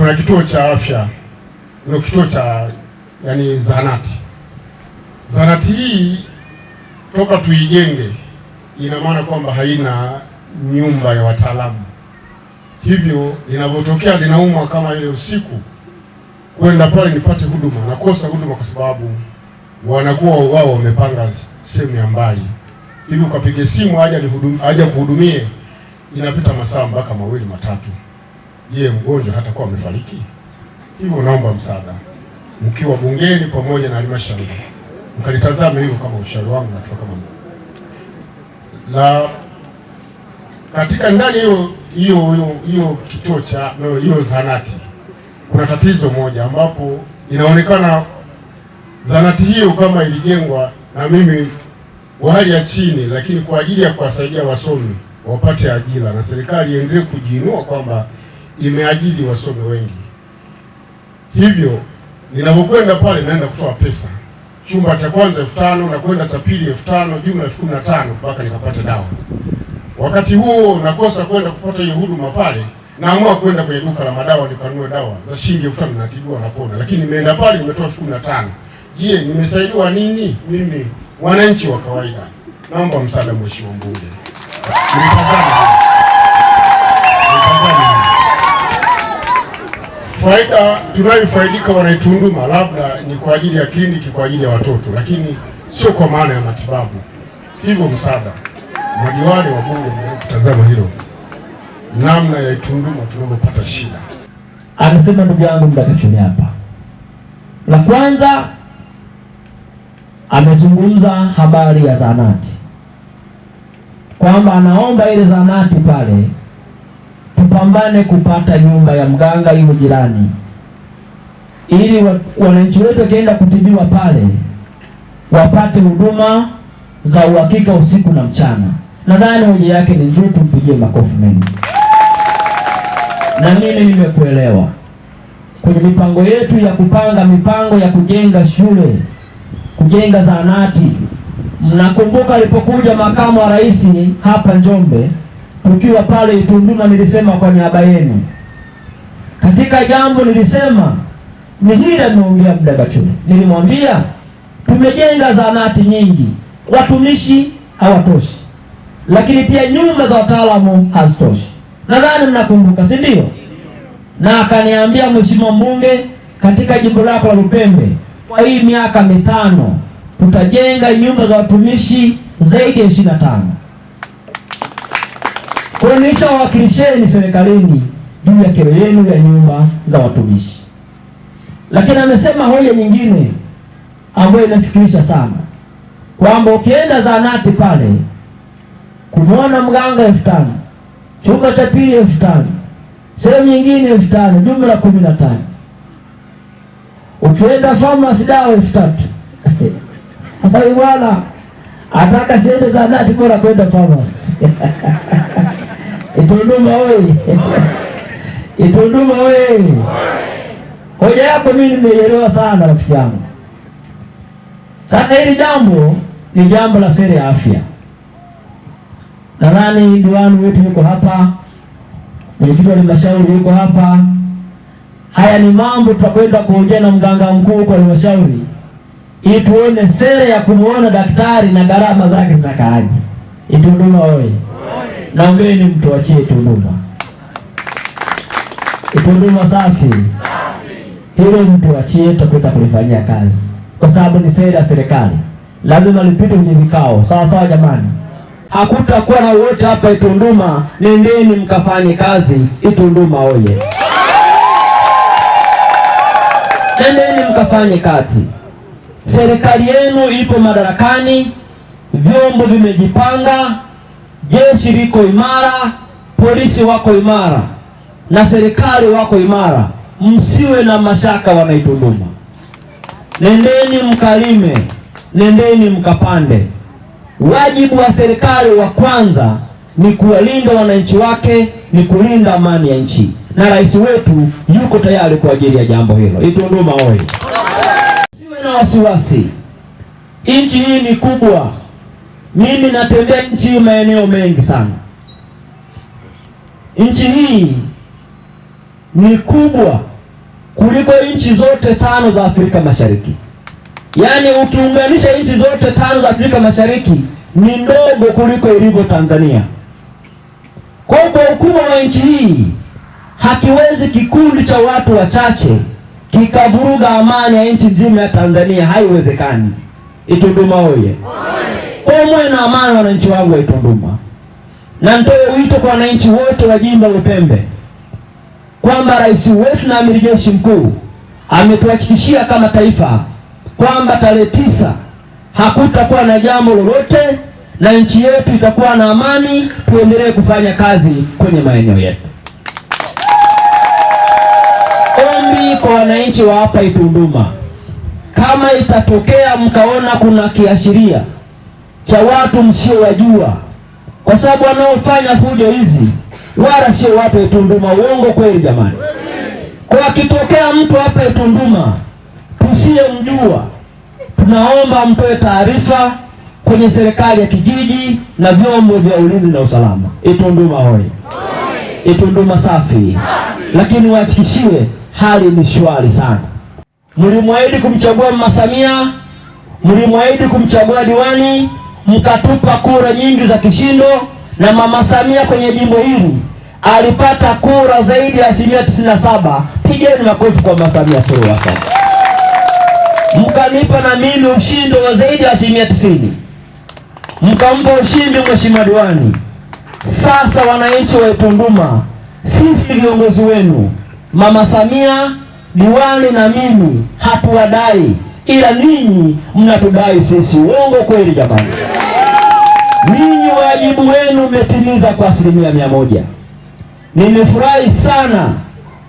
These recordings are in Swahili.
tuna kituo cha afya ndio kituo cha yani zahanati. Zahanati hii toka tuijenge, ina maana kwamba haina nyumba ya wataalamu, hivyo linavyotokea linaumwa kama ile usiku, kwenda pale nipate huduma nakosa huduma, kwa sababu wanakuwa wao wamepanga sehemu ya mbali, hivyo ukapiga simu aje kuhudumie, inapita masaa mpaka mawili matatu je, mgonjwa hatakuwa amefariki? Hivyo naomba msaada, mkiwa bungeni pamoja na halmashauri, mkalitazame hivyo kama ushauri wangu natoa kama la katika ndani hiyo hiyo hiyo kituo cha hiyo zahanati kuna tatizo moja ambapo inaonekana zahanati hiyo kama ilijengwa na mimi wa hali ya chini, lakini kwa ajili ya kuwasaidia wasomi wapate ajira na serikali iendelee kujiinua kwamba limeajiri wasomi wengi, hivyo ninapokwenda pale naenda kutoa pesa, chumba cha kwanza elfu tano na kwenda cha pili elfu tano jumla elfu kumi na tano mpaka nikapata dawa. Wakati huo nakosa kwenda kupata hiyo huduma pale, naamua kwenda kwenye duka la madawa nikanunue dawa za shilingi elfu tano natibiwa napona, lakini nimeenda pale nimetoa elfu kumi na tano. Je, nimesaidiwa nini? Mimi mwananchi wa kawaida, naomba msaada mheshimiwa mbunge. faida tunayofaidika wanaitunduma labda ni kwa ajili ya kliniki kwa ajili ya watoto, lakini sio kwa maana ya matibabu. Hivyo msaada, madiwani wa bunge kutazama hilo, namna ya Itunduma tunavyopata shida. Anasema ndugu yangu Mdakachuni hapa, la kwanza amezungumza habari ya zahanati kwamba anaomba ile zahanati pale tupambane kupata nyumba ya mganga hiyo jirani, ili wananchi wetu wakienda kutibiwa pale wapate huduma za uhakika usiku na mchana. Nadhani hoja yake ni nzuri, tumpigie makofi mengi. Na mimi nimekuelewa kwenye mipango yetu ya kupanga mipango ya kujenga shule, kujenga zahanati. Mnakumbuka alipokuja makamu wa rais hapa Njombe tukiwa pale Itunduma, nilisema kwa niaba yenu katika jambo nilisema ni hili, muda Mdavachuni. Nilimwambia tumejenga zahanati nyingi, watumishi hawatoshi, lakini pia nyumba za wataalamu hazitoshi. Nadhani mnakumbuka, si ndio? Na akaniambia mheshimiwa mbunge, katika jimbo lako la Lupembe kwa hii miaka mitano tutajenga nyumba za watumishi zaidi ya ishirini na tano kuonyesha hiyo serikalini juu ya kero yenu ya nyumba za watumishi. Lakini amesema hoja nyingine ambayo inafikirisha sana kwamba ukienda zahanati pale kumwona mganga elfu tano, chumba cha pili elfu tano, sehemu nyingine elfu tano, jumla kumi na tano. Ukienda famasi dawa elfu tatu. Sasa bwana ataka siende zahanati bora kwenda famasi Itunduma oye! Itunduma oye! Hoja yako mimi nimeielewa sana rafiki yangu. Sasa hili jambo ni jambo la sera ya afya. Nadhani diwani wetu yuko hapa, mwenyekiti wa halmashauri yuko hapa. Haya ni mambo tutakwenda kuongea na mganga mkuu kwa halmashauri ili tuone sera ya kumuona daktari na gharama zake zinakaaje. Itunduma oye! naombeni mtuachie Tunduma, Tunduma safi. Hilo mtuachie, tutakwenda kulifanyia kazi, kwa sababu ni sera ya serikali, lazima lipite kwenye vikao. Sawa sawa, jamani, hakutakuwa na wote hapa Itunduma. Nendeni mkafanye kazi Itunduma oye! Nendeni mkafanye kazi. Serikali yenu ipo madarakani, vyombo vimejipanga jeshi liko imara, polisi wako imara, na serikali wako imara. Msiwe na mashaka, wanaitunduma. Nendeni mkalime, nendeni mkapande. Wajibu wa serikali wa kwanza ni kuwalinda wananchi wake, ni kulinda amani ya nchi, na rais wetu yuko tayari kwa ajili ya jambo hilo. Itunduma oye! Msiwe na wasiwasi, nchi hii ni kubwa mimi natembea nchi hii maeneo mengi sana. Nchi hii ni kubwa kuliko nchi zote tano za Afrika Mashariki. Yaani ukiunganisha nchi zote tano za Afrika Mashariki ni ndogo kuliko ilivyo Tanzania. Kwa kwa ukubwa wa nchi hii hakiwezi kikundi cha watu wachache kikavuruga amani ya nchi nzima ya Tanzania, haiwezekani. Itunduma oye! omwe na amani wananchi wangu wa Itunduma, na nitoe wito kwa wananchi wote wa jimbo la Lupembe kwamba rais wetu na amiri jeshi mkuu ametuhakikishia kama taifa kwamba tarehe tisa hakutakuwa na jambo lolote na nchi yetu itakuwa na amani, tuendelee kufanya kazi kwenye maeneo yetu. Ombi kwa wananchi wa hapa Itunduma, kama itatokea mkaona kuna kiashiria cha watu msiowajua, kwa sababu wanaofanya fujo hizi wala sio watu wa Itunduma. Uongo kweli jamani? Kwa akitokea mtu hapa Itunduma tusiyemjua, tunaomba mtoe taarifa kwenye serikali ya kijiji na vyombo vya ulinzi na usalama. Itunduma hoi, Itunduma safi, lakini wahakikishiwe hali ni shwari sana. Mlimwahidi kumchagua Mama Samia, mlimwahidi kumchagua diwani mkatupa kura nyingi za kishindo, na mama Samia kwenye jimbo hili alipata kura zaidi ya asilimia tisini na saba. Pigeni makofi kwa mama Samia Suluhu Hassan. Mkanipa na mimi ushindo wa zaidi ya asilimia tisini, mkampa ushindi mheshimiwa diwani. Sasa wananchi wa Itunduma, sisi viongozi wenu, mama Samia, diwani na mimi hatuwadai, ila ninyi mnatudai sisi. Uongo kweli jamani? Ninyi wajibu wenu mmetimiza kwa asilimia mia moja. Nimefurahi sana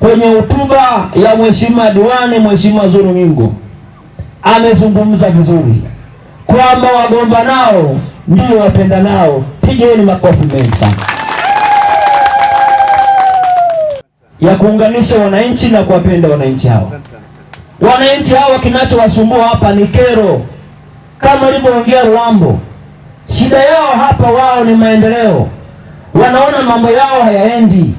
kwenye hotuba ya mheshimiwa diwani, mheshimiwa Zuru Mingo amezungumza vizuri kwamba wagomba nao ndio wapenda nao. Pigeni makofi mengi sana ya kuunganisha wananchi na kuwapenda wananchi hawa. Wananchi hawa kinachowasumbua hapa ni kero, kama alivyoongea Ruambo Shida yao hapa wao ni maendeleo, wanaona mambo yao hayaendi,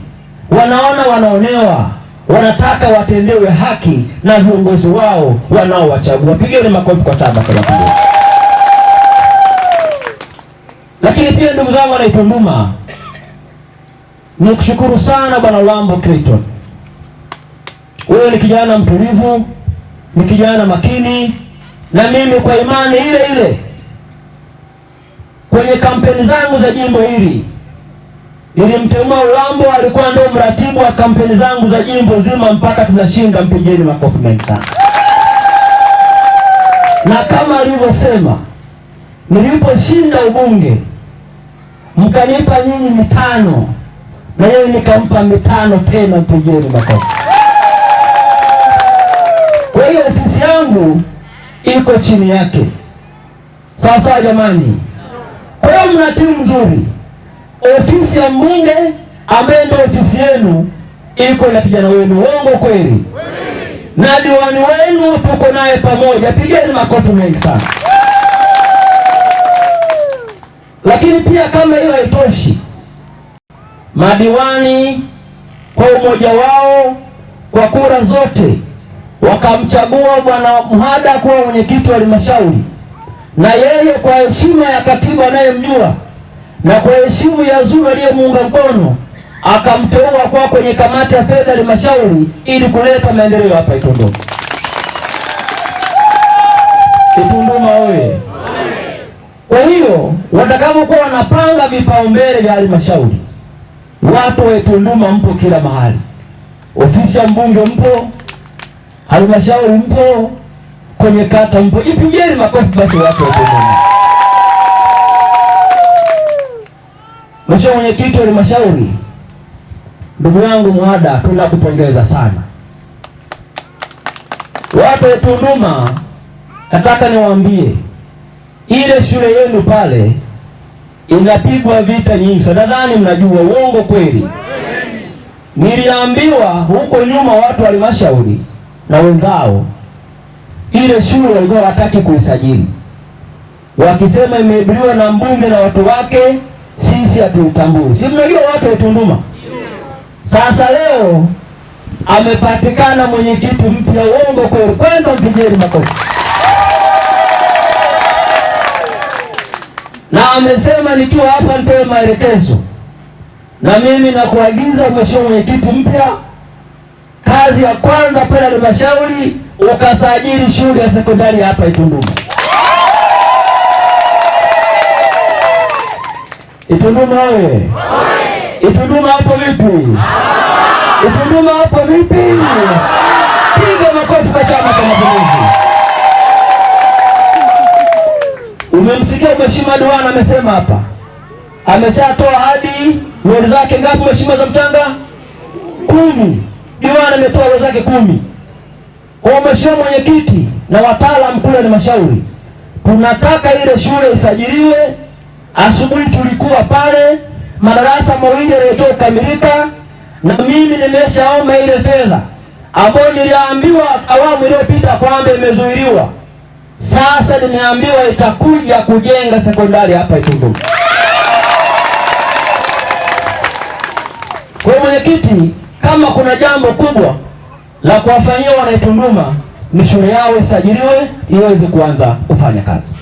wanaona wanaonewa, wanataka watendewe haki na viongozi wao wanaowachagua. Pigeni makofi kwa Chama cha Mapinduzi. Lakini pia ndugu zangu wanaitunduma, nikushukuru sana Bwana lambo Clayton, wewe ni kijana mtulivu, ni kijana makini, na mimi kwa imani ile ile kwenye kampeni zangu za jimbo hili nilimteua Ulambo, alikuwa ndio mratibu wa kampeni zangu za jimbo zima mpaka tunashinda. Mpigeni makofi mengi sana. Na kama alivyosema, niliposhinda ubunge mkanipa nyinyi mitano na yeye nikampa mitano tena, mpigeni makofi. Kwa hiyo ofisi yangu iko chini yake, sawa jamani. Kwa hiyo mna timu nzuri. Ofisi ya mbunge ambaye ndio ofisi yenu iko na kijana wenu, uongo kweli? Na diwani wenu tuko naye pamoja, pigeni makofi mengi sana. Lakini pia kama hiyo haitoshi, madiwani kwa umoja wao kwa kura zote wakamchagua bwana Mhada kuwa mwenyekiti wa halmashauri na yeye kwa heshima ya katiba anayemjua na kwa heshima ya Zuru aliyemuunga mkono akamteua kwa kwenye kamati ya fedha halmashauri ili kuleta maendeleo hapa Itunduma. Itunduma oye! Kwa hiyo watakapokuwa wanapanga vipaumbele vya halmashauri, watu wa Itunduma mpo kila mahali, ofisi ya mbunge mpo, halmashauri mpo kwenye kata mpo, ipigeni makofi basi watu wa Mheshimiwa mwenyekiti wa halmashauri, ndugu yangu Mwada, tunakupongeza sana. Watu wa Tunduma, nataka niwaambie ile shule yenu pale inapigwa vita nyingi sana, nadhani mnajua. Uongo kweli? Niliambiwa huko nyuma watu wa halmashauri na wenzao ile shule walikuwa hawataki kuisajili, wakisema imeibiliwa na mbunge na watu wake, sisi hatuitambui. Si mnajua watu wa Tunduma. Sasa leo amepatikana mwenyekiti mpya, uongo kweli? Kwanza mpigeni makofi. Na amesema nikiwa hapa nitoe maelekezo, na mimi nakuagiza, umeshia mwenyekiti mpya, kazi ya kwanza pale halmashauri ukasajili shule ya sekondari hapa Itunduma. Itunduma oye! Itunduma hapo vipi? Itunduma hapo vipi? Piga makofi kwa Chama cha Mapinduzi. Umemsikia mheshimiwa Duana amesema hapa, ameshatoa hadi wenzake ngapi? Mheshimiwa za mchanga kumi. Duana ametoa wenzake kumi. Kwa mheshimiwa mwenyekiti na wataalamu kule halmashauri, tunataka ile shule isajiliwe. Asubuhi tulikuwa pale, madarasa mawili yanayotoa kukamilika, na mimi nimeshaomba ile fedha ambayo niliambiwa awamu iliyopita kwamba imezuiliwa. Sasa nimeambiwa itakuja kujenga sekondari hapa Itunduru. Kwa mwenyekiti, kama kuna jambo kubwa la kuwafanyia wanaitunduma ni shule yao isajiliwe iweze kuanza kufanya kazi.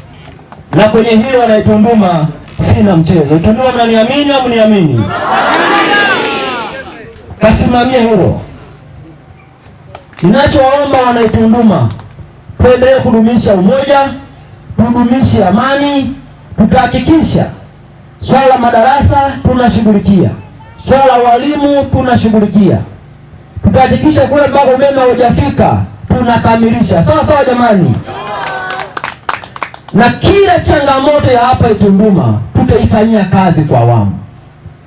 Na kwenye hili wanaitunduma sina mchezo. Itunduma mnaniamini au mniamini? Kasimamie hilo. Ninachowaomba wanaitunduma, tuendelee kudumisha umoja, tudumishe amani, tutahakikisha swala madarasa tunashughulikia, swala walimu tunashughulikia tukahakikisha kule ambako umeme haujafika tunakamilisha. Sawa sawa, jamani. Na kila changamoto ya hapa Itunduma tutaifanyia kazi kwa awamu,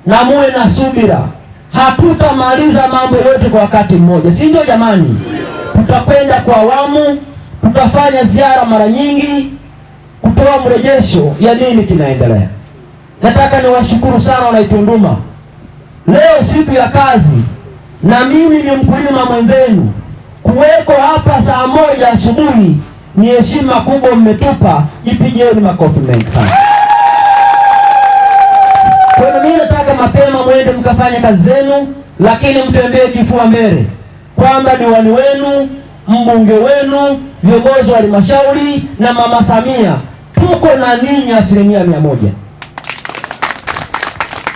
na muwe na subira. Hatutamaliza mambo yote kwa wakati mmoja, si ndio jamani? Tutakwenda kwa awamu, tutafanya ziara mara nyingi kutoa mrejesho ya nini kinaendelea. Nataka niwashukuru sana wanaitunduma, leo siku ya kazi na mimi ni mkulima mwenzenu. Kuweko hapa saa moja asubuhi ni heshima kubwa mmetupa, jipigieni makofi mengi sana. Kwa hiyo mimi nataka mapema mwende mkafanye kazi zenu, lakini mtembee kifua mbele kwamba diwani wenu, mbunge wenu, viongozi wa halmashauri na mama Samia tuko na ninyi asilimia mia moja.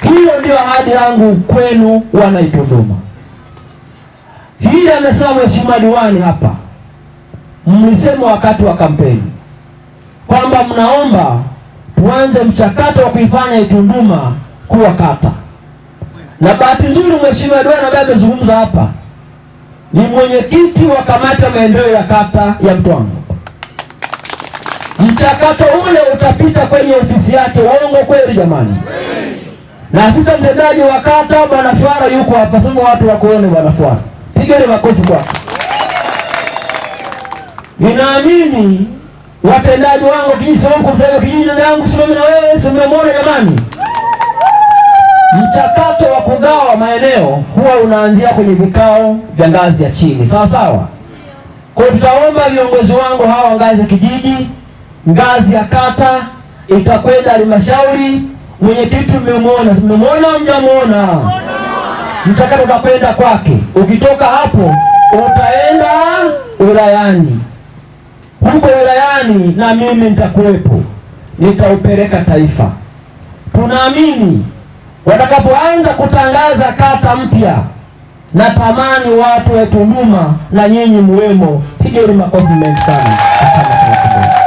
Hiyo ndio ahadi yangu kwenu, wanaitunduma Hili amesema mheshimiwa diwani hapa, mlisema wakati wa kampeni kwamba mnaomba tuanze mchakato wa kuifanya Itunduma kuwa kata, na bahati nzuri mheshimiwa diwani ambaye amezungumza hapa ni mwenyekiti wa kamati ya maendeleo ya kata ya Mtwanga. Mchakato ule utapita kwenye ofisi yake. Uongo kweli jamani? Na afisa mtendaji wa kata bwana Fara yuko hapa, sema watu wakuone bwana Fara Pigale makofi kwako. Ninaamini watendaji wangu kinisa huko mtaga kijiji na yangu simame na wewe simamona jamani. Mchakato wa kugawa maeneo huwa unaanzia kwenye vikao vya ngazi ya chini. Sawa sawa. Kwa hiyo tutaomba viongozi wangu hawa ngazi ya kijiji, ngazi ya kata itakwenda halmashauri, mwenyekiti mmemwona, mmemwona mjamuona? mchakato utapenda kwake. Ukitoka hapo utaenda wilayani, huko wilayani na mimi nitakuwepo, nitaupeleka taifa. Tunaamini watakapoanza kutangaza kata mpya, na tamani watu wa Tunduma na nyinyi mwemo. pigeni makofi mengi sana.